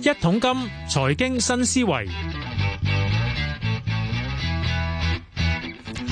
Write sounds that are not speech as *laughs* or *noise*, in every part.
一桶金，財經新思維。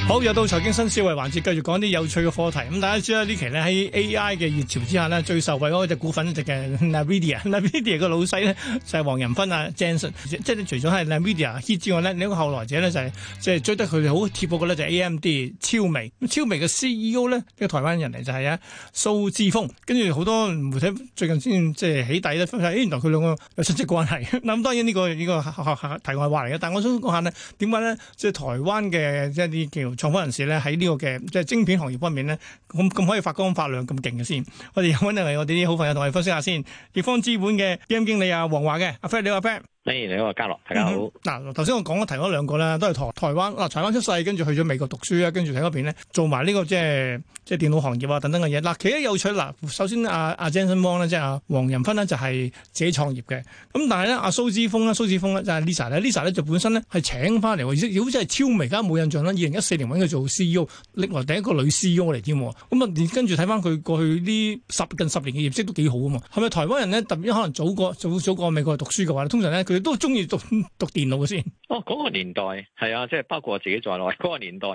好，又到財經新思維環節，繼續講啲有趣嘅課題。咁大家知啦，期呢期咧喺 A.I. 嘅熱潮之下咧，最受惠嗰隻股份就嘅 Nvidia。Nvidia 個 *laughs* 老細呢，就係、是、黃仁勳啊，Jensen。即係除咗係 Nvidia 之外呢，你個後來者呢，就係即係追得佢哋好貼嘅呢就 A.M.D. 超微。超微嘅 C.E.O. 呢，就是、D, CE 呢、這個台灣人嚟就係啊蘇姿豐。跟住好多媒體最近先即係起底都翻、哎、原來佢兩個有親戚關係。咁 *laughs* 當然呢、這個呢、這個題外話嚟嘅，但係我想講下呢點解呢？即係台灣嘅一啲叫。創科人士咧喺呢個嘅即係晶片行業方面咧，咁咁可以發光發亮咁勁嘅先。我哋搵得嚟我哋啲好朋友同我哋分析下先？易方資本嘅基金經理啊，王華嘅，阿 Fred 你好，阿 Fred。例如嚟個家樂，大家好。嗱、嗯，頭先我講咗提嗰兩個啦，都係台台灣。嗱，台灣出世，跟住去咗美國讀書啊，跟住喺嗰邊咧做埋呢、這個即係即係電腦行業啊等等嘅嘢。嗱，其實有趣嗱，首先阿阿、啊啊、Jensen Wong 咧、啊，即係黃仁勳呢，就係自己創業嘅。咁但係咧，阿蘇姿豐啦，蘇姿豐咧就係 Lisa 咧，Lisa 咧就本身咧係請翻嚟，如果真係超微，而家冇印象啦。二零一四年揾佢做 C E O，歷來第一個女 C E O 嚟添。咁啊，跟住睇翻佢過去 10, 10是是呢十近十年嘅業績都幾好啊嘛。係咪台灣人咧，特別可能早個早早過美國讀書嘅話通常咧都中意讀讀電腦嘅先哦，嗰、那個年代係啊，即係包括我自己在內，嗰、那個年代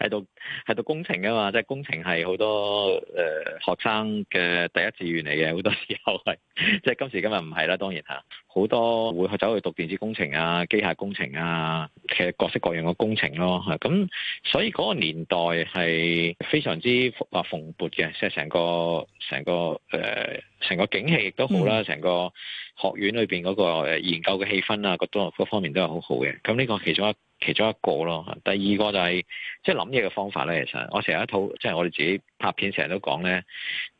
喺度喺度工程噶嘛，即係工程係好多誒、呃、學生嘅第一志願嚟嘅，好多時候係即係今時今日唔係啦，當然吓，好、啊、多會去走去讀電子工程啊、機械工程啊，其實各式各樣嘅工程咯，咁所以嗰個年代係非常之啊、呃、蓬勃嘅，即係成個成個誒。呃成個景氣亦都好啦，成、嗯、個學院裏邊嗰個研究嘅氣氛啊，各多各方面都係好好嘅。咁呢個其中一其中一個咯。第二個就係即係諗嘢嘅方法咧。其實我成日一套，即係我哋自己拍片成日都講咧，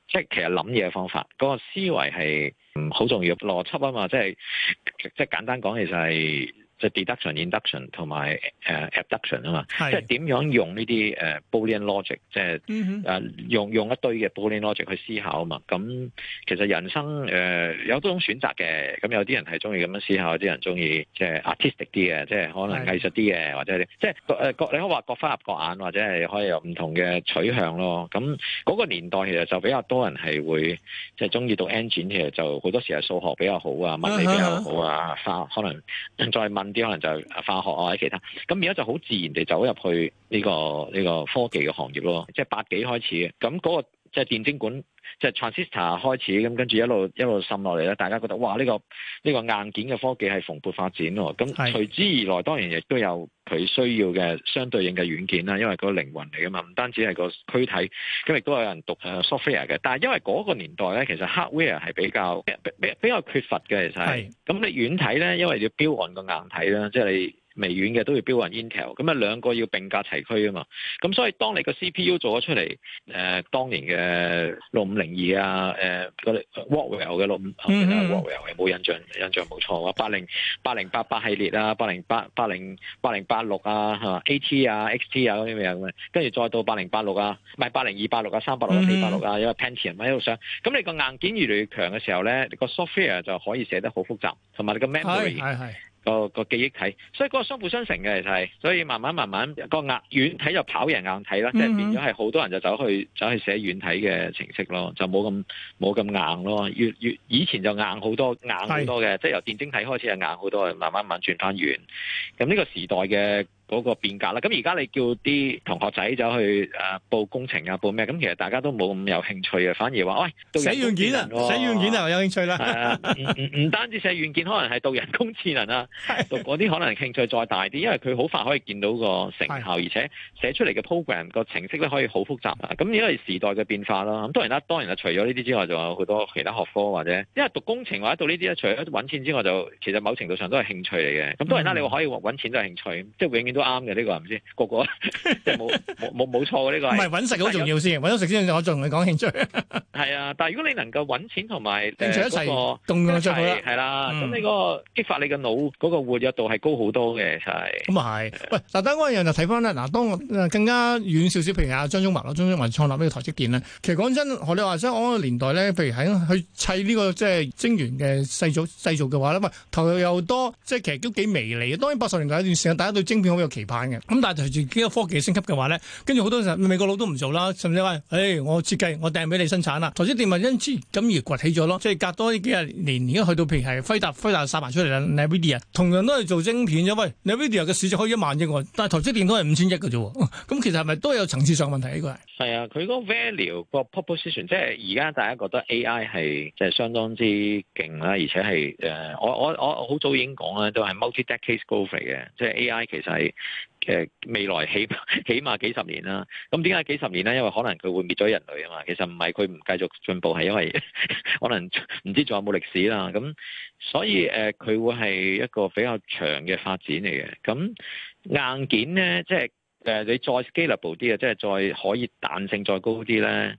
即係其實諗嘢嘅方法，嗰個思維係嗯好重要，邏輯啊嘛，即係即係簡單講，其實係。就 deduction、induction、uh, 同埋 abduction 啊嘛，是即係點樣用呢啲、uh, Boolean logic，即、就、係、是嗯哼啊、用用一堆嘅 Boolean logic 去思考啊嘛。咁、嗯、其實人生誒、呃、有多種選擇嘅，咁有啲人係中意咁樣思考，有啲人中意即係、就是、artistic 啲嘅，即係可能藝術啲嘅是或者啲，即係各你可以話各花入各眼，或者係可以有唔同嘅取向咯。咁嗰個年代其實就比較多人係會即係中意讀 engine 嘅，其實就好多時係數學比較好啊，物理比較好啊， *laughs* 可能再問。啲可能就係化學啊或者其他，咁而家就好自然地走入去呢個呢個科技嘅行業咯，即係八幾開始嘅，咁嗰個。即係電晶管，即係 transistor 開始咁，跟住一路一路滲落嚟咧。大家覺得哇，呢個呢個硬件嘅科技係蓬勃發展喎。咁隨是之而來，當然亦都有佢需要嘅相對應嘅軟件啦，因為個靈魂嚟噶嘛，唔單止係個軀體。咁亦都有人讀 software 嘅，但係因為嗰個年代咧，其實 hardware 係比較比比較缺乏嘅，其實。係是。咁你軟體咧，因為要標案個硬體啦，即係你。微軟嘅都要標人 Intel，咁啊兩個要並駕齊驅啊嘛，咁所以當你個 CPU 做咗出嚟，誒、呃、當年嘅六五零二啊，誒、呃、個 Workwell 嘅六五、嗯哼啊，Workwell 嘅冇印象，印象冇錯啊，八零八零八八系列80 8, 80 8啊，八零八八零八零八六啊，係嘛 AT 啊 XT 啊嗰啲咩嘅，跟住再到八零八六啊，唔係八零二八六啊，三八六啊，四八六啊，因為 Pentium 咪喺度上，咁你個硬件越嚟越強嘅時候咧，你個 software 就可以寫得好複雜，同埋你個 memory。個個記憶體，所以個個相輔相成嘅其實係，所以慢慢慢慢、嗰個硬軟體就跑贏硬體啦，即、就係、變咗係好多人就走去走去寫軟體嘅程式咯，就冇咁冇咁硬咯，越越以前就硬好多硬好多嘅，是即係由電晶體開始就硬好多，慢慢慢慢轉翻軟。咁呢個時代嘅。嗰個變革啦，咁而家你叫啲同學仔走去誒報工程啊，報咩？咁其實大家都冇咁有，有興趣啊，反而話：，喂，寫軟件啊，寫軟件就有興趣啦。唔單止寫軟件，可能係讀人工智能啊，讀嗰啲可能興趣再大啲，因為佢好快可以見到個成效，的而且寫出嚟嘅 program 個程式咧可以好複雜啊。咁呢個係時代嘅變化啦。咁當然啦，當然啦，除咗呢啲之外，仲有好多其他學科或者，因為讀工程或者讀呢啲咧，除咗揾錢之外就，就其實某程度上都係興趣嚟嘅。咁當然啦，你話可以揾錢都係興趣，嗯、即永都啱嘅呢個係咪先？個個即係冇冇冇錯錯嘅呢個。唔係揾食好重要先，揾食先，我再同你講興趣。係啊，但如果你能夠揾錢、呃那個、同埋誒一個動用咗啦，啦，咁、嗯、你那個激發你嘅腦嗰個活躍度係高好多嘅，係。咁啊係。喂，嗱，單個樣就睇翻啦。嗱，當我更加遠少少，譬如阿張忠謀咯，張忠謀創立呢個台積電咧。其實講真，真，我哋話齋，我個個年代咧，譬如喺去砌呢、這個即係晶圓嘅製造製造嘅話咧，喂，頭又多，即係其實都幾微利。當然八十年代一段時間，大家對晶片好。期盼嘅，咁但係隨住幾多科技升級嘅話咧，跟住好多時候美國佬都唔做啦，甚至話，誒、哎，我設計，我掟俾你生產啦。台積電咪因此咁而崛起咗咯，即係隔多呢幾廿年，而家去到譬如係，輝達輝達殺埋出嚟啦，Nvidia，同樣都係做晶片，因為 Nvidia 嘅市值可以一萬億喎，但係台積電都係五千億嘅啫，咁、嗯、其實係咪都是有層次上問題呢個？係啊，佢個 value 個 position，即係而家大家覺得 AI 係即係相當之勁啦，而且係誒，我我我好早已經講啦，都係 multi-decade growth 嘅，即係 AI 其實係。嘅未來起碼起碼幾十年啦，咁點解幾十年咧？因為可能佢會滅咗人類啊嘛。其實唔係佢唔繼續進步，係因為可能唔知仲有冇歷史啦。咁所以誒，佢、呃、會係一個比較長嘅發展嚟嘅。咁硬件咧，即係誒，你再 scalable 啲啊，即係再可以彈性再高啲咧。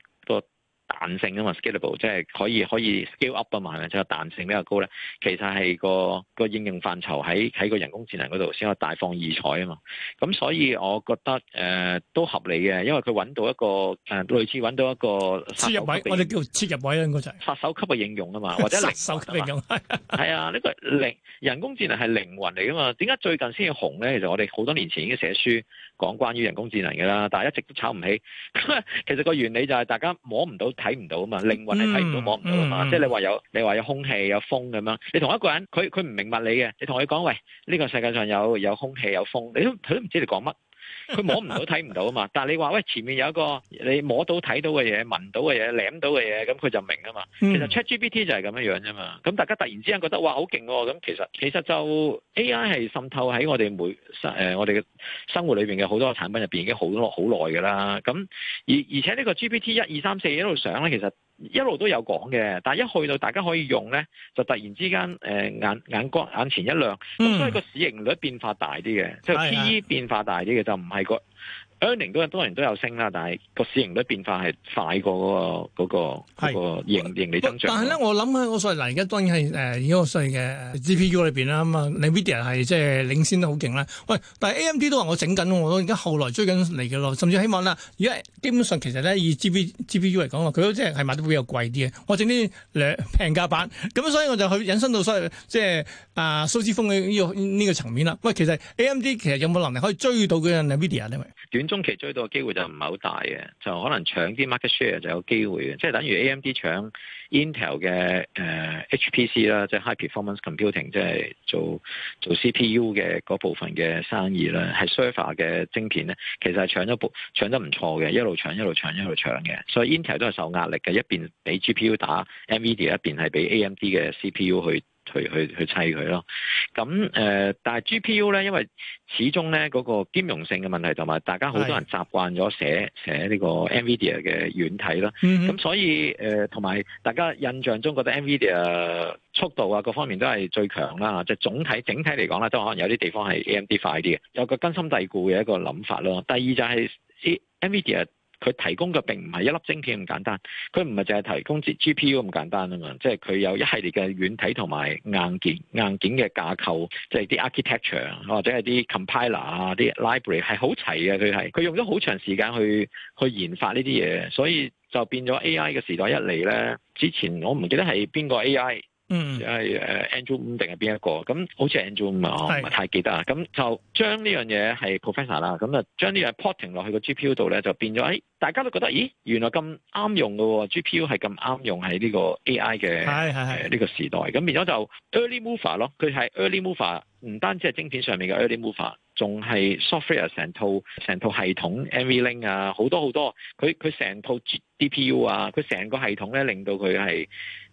彈性啊嘛，scalable 即係可以可以 scale up 啊嘛，係咪？即係彈性比較高咧。其實係個個應用範疇喺喺個人工智能嗰度先有大放異彩啊嘛。咁所以我覺得誒、呃、都合理嘅，因為佢揾到一個誒、呃、類似揾到一個切入位，我哋叫切入位應該就係殺手級嘅應用啊嘛，或者靈殺手級嘅應用係啊，呢個靈人工智能係靈魂嚟啊嘛。點解最近先至紅咧？其實我哋好多年前已經寫書講關於人工智能嘅啦，但係一直都炒唔起。其實個原理就係大家摸唔到。睇唔到啊嘛，靈魂係睇唔到摸唔到啊嘛，嗯嗯、即係你話有你話有空氣有風咁樣，你同一個人，佢佢唔明白你嘅。你同佢講，喂，呢、呢個世界上有有空氣有風，都不你都佢都唔知你講乜。佢 *laughs* 摸唔到睇唔到啊嘛，但係你話喂，前面有一個你摸到睇到嘅嘢，聞到嘅嘢，舐到嘅嘢，咁佢就明啊嘛。嗯、其實 ChatGPT 就係咁樣樣啫嘛。咁大家突然之間覺得哇好勁，咁其實其實就 AI 係滲透喺我哋每誒我哋嘅生活裏邊嘅好多產品入邊已經好耐好耐噶啦。咁而而且呢個 GPT 一二三四一路上咧，其實。其實一路都有講嘅，但一去到大家可以用呢，就突然之間誒、呃、眼眼光眼前一亮，咁、嗯、所以個市盈率變化大啲嘅，即係 PE 變化大啲嘅，就唔係個。英明嗰日當然都有升啦，但係個市盈率變化係快過嗰、嗰個嗰、嗰個嗰個、盈盈利增長。但係咧，我諗下我再嗱，而家當然係誒呢個細嘅 G P U 裏邊啦嘛，Nvidia 係即係、即係、領先得好勁啦。喂，但係 A M D 都話我整緊，我而家後來追緊嚟嘅咯，甚至希望啦。而家基本上其實咧，以 G P G P U 嚟講佢都即係買得比較貴啲嘅。我整啲兩平價版，咁所以我就去引申到所謂即係啊蘇姿豐嘅呢個呢、呢個層面啦。喂，其實 A M D 其實有冇能力可以追到佢 Nvidia 咧？中期追到嘅機會就唔係好大嘅，就可能搶啲 market share 就有機會嘅，即係等於 AMD 搶 Intel 嘅呃 HPC 啦，即係 high performance computing，即係做做 CPU 嘅嗰部分嘅生意啦，係 server 嘅晶片咧，其實係搶咗部搶得唔錯嘅，一路搶一路搶一路搶嘅，所以 Intel 都係受壓力嘅，一邊俾 GPU 打 NVIDIA，一邊係俾 AMD 嘅 CPU 去。去去去砌佢咯，咁誒、呃，但係 GPU 咧，因為始終咧嗰個兼容性嘅問題，同埋大家好多人習慣咗寫寫呢個 NVIDIA 嘅軟體啦，咁、嗯、哼所以誒，同、呃、埋大家印象中覺得 NVIDIA 速度啊，各方面都係最強啦，即、就、係、是、總體整體嚟講啦，都可能有啲地方係 AMD 快啲嘅，有個根深蒂固嘅一個諗法咯。第二就係 NVIDIA。佢提供嘅並唔係一粒晶片咁簡單，佢唔係淨係提供 GPU 咁簡單啊嘛，即係佢有一系列嘅軟體同埋硬件，硬件嘅架構，即係啲 architecture 或者係啲 compiler 啊啲 library 係好齊嘅，佢係佢用咗好長時間去去研發呢啲嘢，所以就變咗 AI 嘅時代一嚟咧，之前我唔記得係邊個 AI。嗯，就係誒 Andrew 五定係邊一個？咁好似係 Andrew 五啊，唔係太記得啦。咁的就將呢樣嘢係 professor 啦，咁啊將呢樣 porting 落去個 GPU 度咧，就變咗誒、哎，大家都覺得咦，原來咁啱用嘅喎，GPU 係咁啱用喺呢個 AI 嘅呢、呃呢個時代。咁變咗就 early mover 咯，佢係 early mover，唔單止係晶片上面嘅 early mover。仲係 software 成、啊、套成套系統 NVLink 啊，好多好多，佢佢成套 DPU 啊，佢成個系統咧令到佢係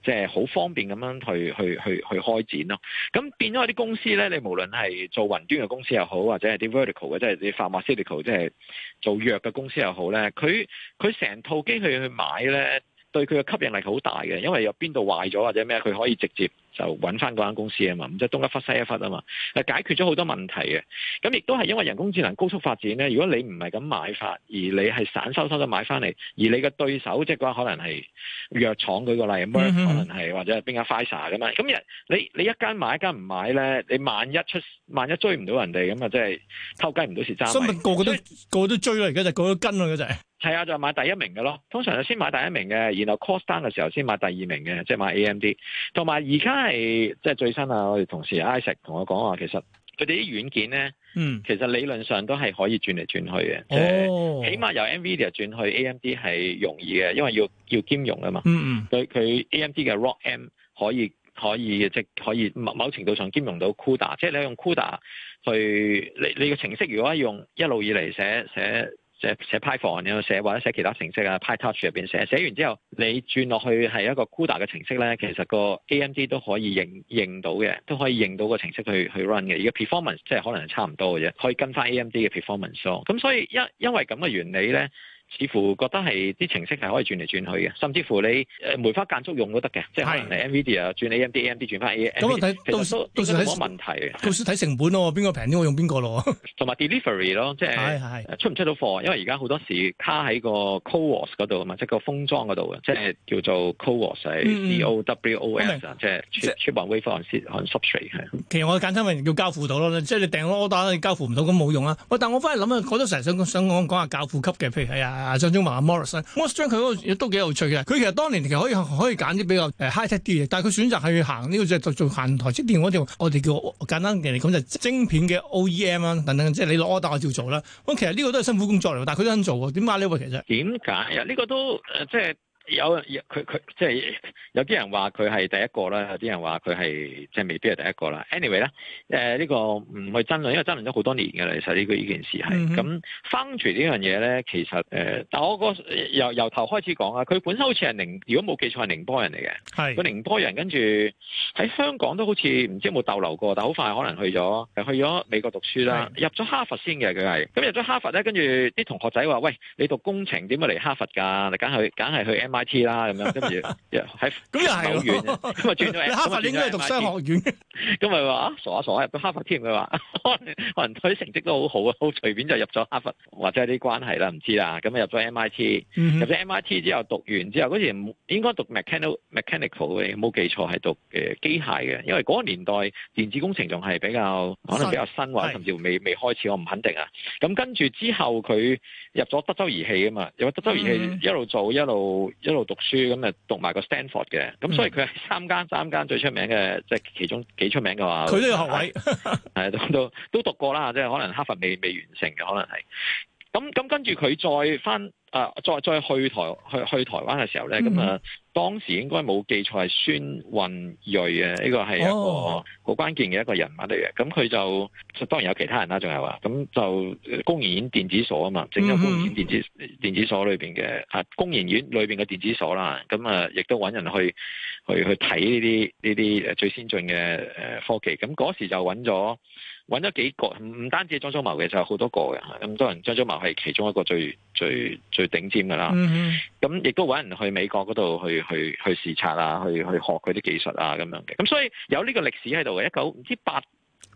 即係好方便咁樣去去去去開展咯、啊。咁變咗啲公司咧，你無論係做雲端嘅公司又好，或者係啲 vertical 嘅，即、就、係、是、啲 pharmaceutical 即係做藥嘅公司又好咧，佢佢成套機去去買咧，對佢嘅吸引力好大嘅，因為有邊度壞咗或者咩，佢可以直接。就揾翻嗰間公司啊嘛，咁即係東一忽西一忽啊嘛，誒解決咗好多問題嘅。咁亦都係因為人工智能高速發展咧，如果你唔係咁買法，而你係散收收咗買翻嚟，而你嘅對手即係嗰間可能係藥廠舉個例，咁啊、嗯、哼可能係或者係邊間 Pfizer 㗎嘛，咁你你一間買一間唔買咧，你萬一出萬一追唔到人哋咁啊，即係偷雞唔到蝕揸米。所以個以個都個都追啦，而家就個咗跟咯，嗰陣。係啊，就是、買第一名嘅咯，通常就先買第一名嘅，然後 cost down 嘅時候先買第二名嘅，即、就、係、是、買 AMD。同埋而家。係即係最新啊！我哋同事 Isaac 同我講話，其實佢哋啲軟件咧，嗯，其實理論上都係可以轉嚟轉去嘅，即係、哦、起碼由 NVIDIA 轉去 AMD 係容易嘅，因為要要兼容啊嘛。嗯嗯，佢佢 AMD 嘅 ROCm 可以可以即、就是、可以某某程度上兼容到 CUDA，即係你用 CUDA 去你你個程式如果用一路以嚟寫寫。寫就寫 Python 咁寫，或者寫其他程式啊 PyTorch 入邊寫，寫完之後你轉落去係一個 CUDA 嘅程式咧，其實個 AMD 都可以認認到嘅，都可以認到個程式去去 run 嘅，而個 performance 即係可能係差唔多嘅啫，可以跟翻 AMD 嘅 performance 咯。咁，所以因因為咁嘅原理咧。嗯似乎覺得係啲程式係可以轉嚟轉去嘅，甚至乎你誒梅花間竹用都得嘅，即係可能 MVD 啊轉 A M D A M D 轉翻 A。咁啊睇，都時到時冇乜問題嘅，睇成本咯，邊個平啲我用邊個咯。同埋 delivery 咯，即係出唔出到貨？因為而家好多時卡喺個 Coos 嗰度啊嘛，即係個封裝嗰度啊，即係叫做 Coos 係 C O W O S 啊，即係出出 i 微放線含 substrate 其實我簡單問，要交付到咯，即係你訂咗 o r 你交付唔到咁冇用啊。喂，但我翻嚟諗下，我都成日想想講下教父級嘅，譬如係啊。啊，啊，張忠謀啊 Morris、啊、m o n 我將佢嗰個嘢都幾有趣嘅。佢其實當年其實可以可以揀啲比較誒 high tech 啲嘢，但係佢選擇係行呢、這個即係做做行台積電嗰條我哋叫我簡單嚟講就晶片嘅 OEM 啦、啊。等等，即、就、係、是、你攞 order 我照做啦。咁、啊嗯、其實呢個都係辛苦工作嚟，但佢都肯做喎。點解呢個其實？點解啊？呢、這個都即係。呃就是有佢佢即係有啲人話佢係第一個啦，有啲人話佢係即係未必係第一個啦。Anyway 咧、呃，誒、這、呢個唔去爭論，因為爭論咗好多年嘅啦。其實呢個呢件事係咁，Foundry、嗯、哼呢樣嘢咧，其實誒、呃，但我、那個由由頭開始講啊，佢本身好似係寧，如果冇記錯係寧波人嚟嘅。係佢是寧波人，跟住喺香港都好似唔知有冇逗留過，但好快可能去咗，去咗美國讀書啦，是入咗哈佛先嘅佢係。咁入咗哈佛咧，跟住啲同學仔話，喂，你讀工程點解嚟哈佛㗎？你梗係梗係去、MI M.I.T. 啦咁樣，跟住喺紐約學院，咁啊轉咗哈佛，應該讀商學院。咁咪話傻下、啊、傻下、啊、入咗哈佛添，佢 *laughs* 話可能佢啲成績都好好啊，好隨便就入咗哈佛，或者係啲關係啦，唔知啦。咁啊入咗 M.I.T.，、嗯、哼入咗 M.I.T. 之後讀完之後嗰時應該讀 mechanical，mechanical 嘅，冇記錯係讀誒機械嘅，因為嗰個年代電子工程仲係比較可能新比較新話，是甚至乎未未開始，我唔肯定啊。咁跟住之後佢入咗德州儀器啊嘛，入咗德州儀器一路做、嗯、一路做。一路一路讀書咁啊，讀埋個 Stanford 嘅，咁、嗯、所以佢係三間三間最出名嘅，即係其中幾出名嘅話。佢都有學位，係都都都讀過啦，即係可能哈佛未未完成嘅，可能係。咁咁跟住佢再翻。啊！再再去台去去台灣嘅時候咧，咁啊、嗯哼，當時應該冇記錯係孫運璿啊，呢、這個係一個好、哦、關鍵嘅一個人物嚟嘅。咁佢就當然有其他人啦，仲有話，咁就工研院電子所啊嘛，整咗工研院電子電子所裏面嘅啊工研院嘅電子所啦，咁、嗯、哼啊，亦都揾人去去去睇呢啲呢啲最先進嘅科技。咁嗰時就揾咗。揾咗幾個，唔唔單止張忠謀嘅，就有好多個嘅咁多人。張忠謀係其中一個最最最頂尖㗎啦。嗯嗯。咁亦都揾人去美國嗰度去去去視察啊，去去學佢啲技術啊咁樣嘅。咁所以有呢個歷史喺度嘅，一九唔知八。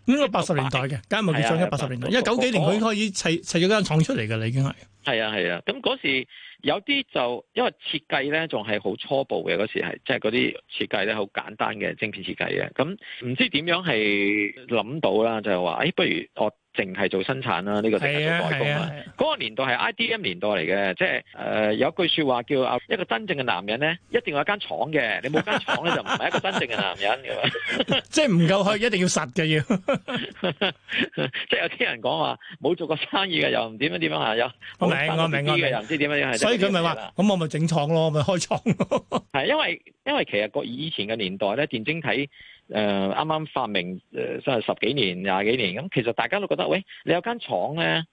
呢個八十年代嘅，梗係冇計上一八十年代，因為九幾年佢已經可以砌砌咗間廠出嚟㗎喇，已經係。係啊係啊，咁嗰時有啲就因為設計咧仲係好初步嘅，嗰時係即係嗰啲設計咧好簡單嘅晶片設計嘅，咁唔知點樣係諗到啦，就係話誒，不如我。淨係做生產啦、啊，呢、這個淨係做代工啦、啊、嗰、啊啊啊、個年代係 I D M 年代嚟嘅，即係誒、呃、有一句說話叫啊，一個真正嘅男人咧，一定要有一間廠嘅，你冇間廠咧就唔係一個真正嘅男人嘅， *laughs* *laughs* 即係唔夠去一定要實嘅要。 *laughs* *laughs* 即係有啲人講話冇做過生意嘅，又唔點樣點樣啊？有明啊明啊明啊！又唔知點樣，所以佢咪話，咁我咪整廠咯，我咪開廠咯。係 *laughs* 因為因為其實個以前嘅年代咧，電晶體。誒，啱啱、呃、發明，誒即係十幾年、廿幾年咁，其實大家都覺得，喂，你有間廠咧，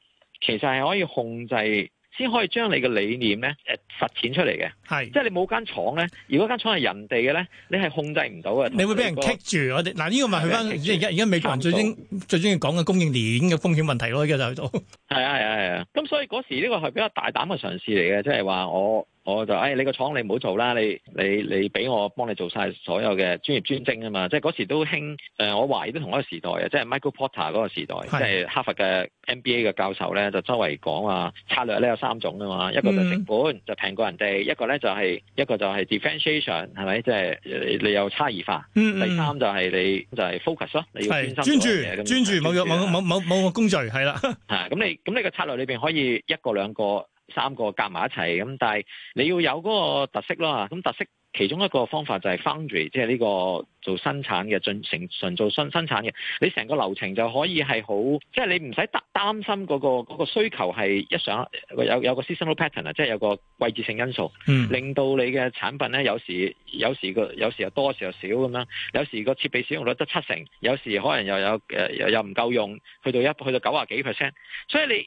其實係可以控制，先可以將你嘅理念咧，誒、呃、實踐出嚟嘅。係是，即係你冇間廠咧，如果間廠係人哋嘅咧，你係控制唔到嘅。你會俾人棘住我哋。嗱，呢、這個咪去翻而家而家美國人最中道最中意講嘅供應鏈嘅風險問題咯，而家就喺、是、度。係 *laughs* 啊，係啊，係啊。咁所以嗰時呢個係比較大膽嘅嘗試嚟嘅，即係話我。我就誒、哎，你個廠你唔好做啦，你你你俾我幫你做晒所有嘅專業專精啊嘛！即係嗰時都興誒、呃，我懷疑都同一個時代嘅，即係 Michael Porter 嗰個時代，即係是哈佛嘅 MBA 嘅教授咧，就周圍講話策略咧有三種噶嘛，一個就成本、嗯、就平過人哋，一個咧就係、是、一個就係 differentiation，係咪？即係你，你有差異化，嗯嗯第三就係你就係、是、focus 咯，你要專注，專注冇用冇冇冇工序，係啦，咁、啊、你咁你個策略裏面可以一個兩個。三個夾埋一齊咁，但係你要有嗰個特色咯。咁特色其中一個方法就係 foundry，即係呢個做生產嘅進成純做生生產嘅，你成個流程就可以係好，即係你唔使擔心嗰個嗰個需求係一上有有個 seasonal pattern 啊，即係有個季節性因素，嗯、令到你嘅產品咧有，有時有時個有時又多，時又少咁樣，有時個設備使用率得七成，有時可能又有誒又又唔夠用，去到一去到九啊幾 percent，所以你。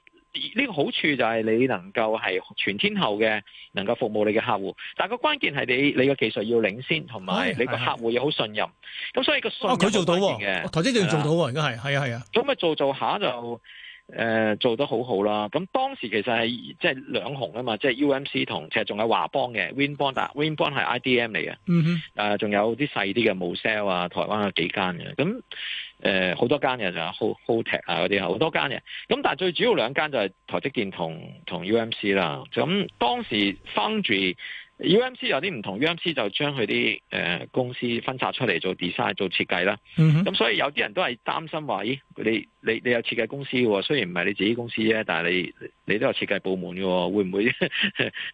呢個好處就係你能夠係全天候嘅，能夠服務你嘅客戶。但係個關鍵係你你嘅技術要領先，同埋你個客戶要好信任。咁所以個信任哦佢做到嘅，台積電做到喎，而家係係啊係啊。咁咪做到做，做下就誒、呃、做得好好啦。咁當時其實係即係兩雄啊嘛，即係 UMC 同其實仲有華邦嘅 Winbond，Winbond 係 IDM 嚟嘅。Born, 嗯仲哼有啲細啲嘅冇 sell 啊，台灣有幾間嘅咁。誒好、呃、多間嘅，就係 Holtek 啊嗰啲，好多間嘅。咁但係最主要兩間就係台積電同同 UMC 啦。咁當時 Foundry。U M C 有啲唔同，U M C 就將佢啲誒公司分拆出嚟做 design 做設計啦。咁、嗯、哼所以有啲人都係擔心話，咦，你你你有設計公司喎？雖然唔係你自己公司啫，但係你你都有設計部門嘅，會唔會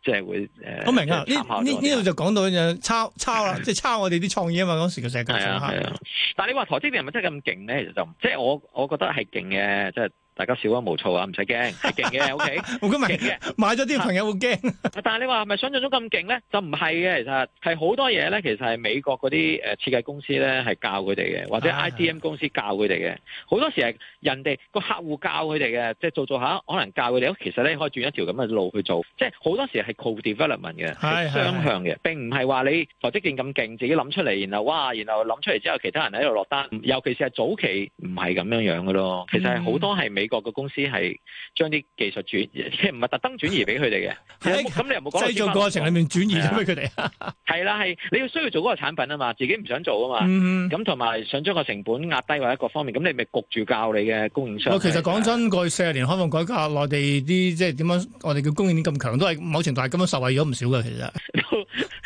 即係會？誒，我明啊，呢呢呢度就講到就抄抄啦，即係抄我哋啲創意啊嘛，嗰時嘅世界。啊係啊，但係你話台積電係咪真係咁勁咧？其實就即係我我覺得係勁嘅，即、就、係、是。大家少安無躁啊，唔使驚，係勁嘅，OK，冇咁勁嘅， *laughs* 買咗啲朋友會驚，啊，但係你話係咪想象中咁勁咧？就唔係嘅，其實係好多嘢咧，其實係美國嗰啲誒設計公司咧係教佢哋嘅，或者 IDM 公司教佢哋嘅，好多時係人哋個客戶教佢哋嘅，即、就、係、是、做做下，可能教佢哋，其實咧可以轉一條咁嘅路去做，即係好多時係 co-development 嘅，雙 *laughs* 向嘅，並唔係話你台積電咁勁自己諗出嚟，然後哇，然後諗出嚟之後其他人喺度落單，尤其是係早期唔係咁樣樣嘅咯，其實係好多係美。美國嘅公司係將啲技術轉移，即係唔係特登轉移俾佢哋嘅。係咁你又冇講製造過程裏面轉移咗俾佢哋。係啦，係你要需要做嗰個產品啊嘛，自己唔想做啊嘛。咁同埋想將個成本壓低或者各方面，咁你咪焗住教你嘅供應商。我其實講真，過去四十年開放改革，內地啲即係點樣，我哋叫供應鏈咁強，都係某程度係咁樣受惠咗唔少噶。其實。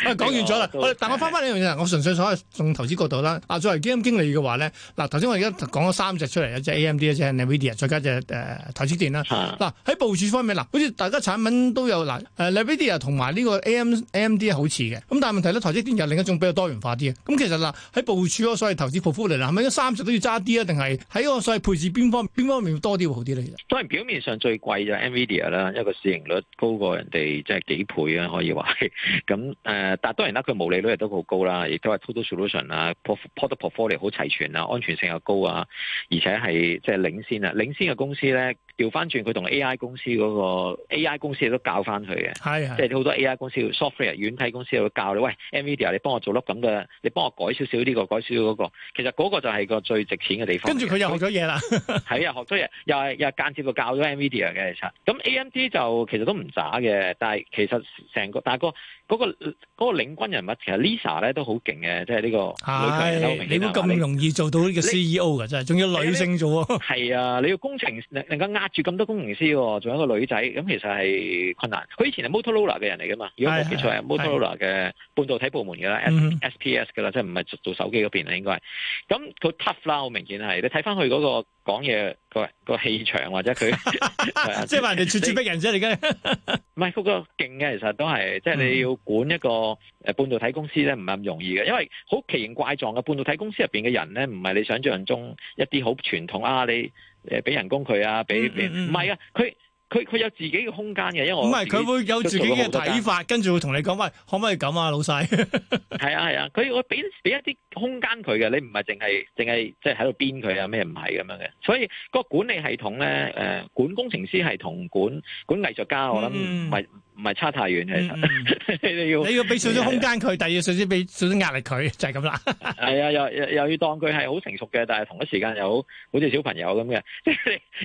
啊，講完咗啦。但係我翻翻呢樣嘢，我純粹所謂從投資角度啦。啊，作為基金經理嘅話咧，嗱，頭先我而家講咗三隻出嚟，有隻 AMD，一隻 NVIDIA，再加嘅投資端啦，嗱，喺部署方面，嗱好似大家產品都有嗱，NVIDIA 同埋呢個 AMD 好似嘅，咁但係問題咧，投資端有另一種比較多元化啲嘅。咁其實嗱喺部署，所謂投資 portfolio 係咪三十都要揸啲啊？定係喺個所謂配置邊方邊方面多啲會好啲咧？其實當然表面上最貴就 NVIDIA 啦，一個市盈率高過人哋即係幾倍啊，可以話，咁但係當然啦，佢毛利率亦都好高啦，亦都係 total solution 啊，product portfolio 好齊全啊，安全性又高啊，而且係即係領先啊，領先公司呢。調翻轉佢同 AI 公司嗰、那個 AI 公司都教翻佢嘅，係係即係好多 AI 公司 software 軟體公司會教你，喂，Nvidia 你幫我做粒咁嘅，你幫我改少少呢、這個，改少少嗰、那個。其實嗰個就係個最值錢嘅地方。跟住佢又學咗嘢啦，係啊，學咗嘢，又係又間接個教咗 Nvidia 嘅。咁 AMD 就其實都唔渣嘅，但係其實成個大哥、那個嗰、那個嗰、那個、領軍人物其實 Lisa 咧都好勁嘅，即係呢個女性。係、哎，你都咁容易做到呢個 CEO 㗎你真係，仲要女性做喎。係啊，啊，你要工程能能夠壓。住咁多工程師，仲有一個女仔，咁其實係困難。佢以前係 Motorola 嘅人嚟噶嘛，如果冇記錯係 Motorola 嘅半導體部門嘅啦，SPS 噶啦，即係唔係做手機嗰邊啦，應該係。咁佢 tough 啦，好明顯係。你睇翻佢嗰個講嘢、嗰個氣場或者佢，即係話人哋咄咄逼人啫，你而家唔係嗰個勁嘅，其實都係，即係你要管一個誒半導體公司咧，唔係咁容易嘅，因為好奇形怪狀嘅半導體公司入邊嘅人咧，唔係你想象中一啲好傳統啊，你。誒，俾人工佢啊，俾俾唔係啊，佢佢佢有自己嘅空間嘅，因為我唔係佢會有自己嘅睇法，跟住會同你講喂，可唔可以咁啊，老細？係啊係啊，佢我俾俾一啲空間佢嘅，你唔係淨係淨係即係喺度編佢啊咩，唔係咁樣嘅，所以個管理系統咧，誒、嗯呃，管工程師係同管管藝術家，我諗係。嗯唔係差太遠嘅，你要你要俾少少空間佢，第二少少俾少少壓力佢就係咁啦。係 *laughs* 啊，又又，又要當佢係好成熟嘅，但係同一時間又好似小朋友咁嘅，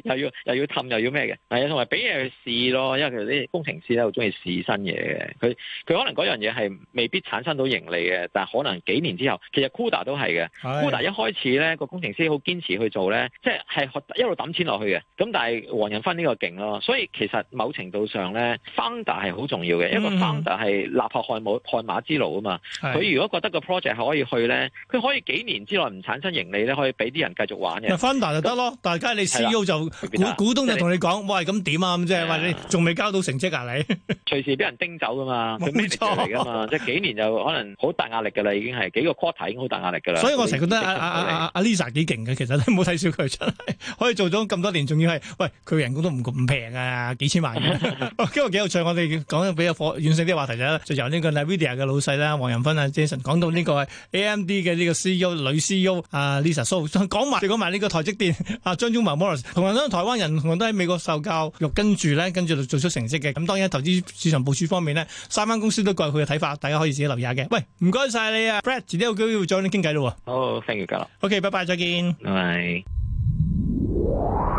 即 *laughs* 係又要又要氹又要咩嘅。係啊，同埋俾嘢去試咯，因為其實啲工程師咧好中意試新嘢嘅。佢佢可能嗰樣嘢係未必產生到盈利嘅，但係可能幾年之後，其實 CUDA 都係嘅。CUDA 一開始咧，個工程師好堅持去做咧，即係係一路揼錢落去嘅。咁但係黃仁勳呢個勁咯，所以其實某程度上咧，Founder 係好重要嘅，一個 founder 係立下汗馬汗馬之勞啊嘛。佢如果覺得個 project 可以去咧，佢可以幾年之內唔產生盈利咧，可以俾啲人繼續玩嘅。founder 就得咯，大家你 CEO 就股股東就同你講，喂，咁點啊？即係話你仲未交到成績啊？你隨時俾人叮走噶嘛？冇錯嚟噶嘛？即係幾年就可能好大壓力噶啦，已經係幾個 quarter 已經好大壓力噶啦。所以我成日覺得阿 Lisa 幾勁嘅，其實都唔好睇小佢出嚟，可以做咗咁多年，仲要係喂佢人工都唔唔平啊，幾千萬。今日幾有趣，我哋。講咗比較軟性啲話題就咧，就由呢個 Nvidia 嘅老細啦，黃仁勳啊，Jason 講到呢個 AMD 嘅呢個 CEO 女 CEO 啊 Lisa Su 講埋，講埋呢個台積電啊張忠謀，Morris, 同埋咧台灣人，同埋都喺美國受教育，跟住咧，跟住就做出成績嘅。咁、嗯、當然喺投資市場部署方面呢，三間公司都各有佢嘅睇法，大家可以自己留意下嘅。喂，唔該晒你啊 Brad 遲啲我都要再傾偈咯。好、oh,，thank you，格，OK，拜拜，再見。拜。Bye.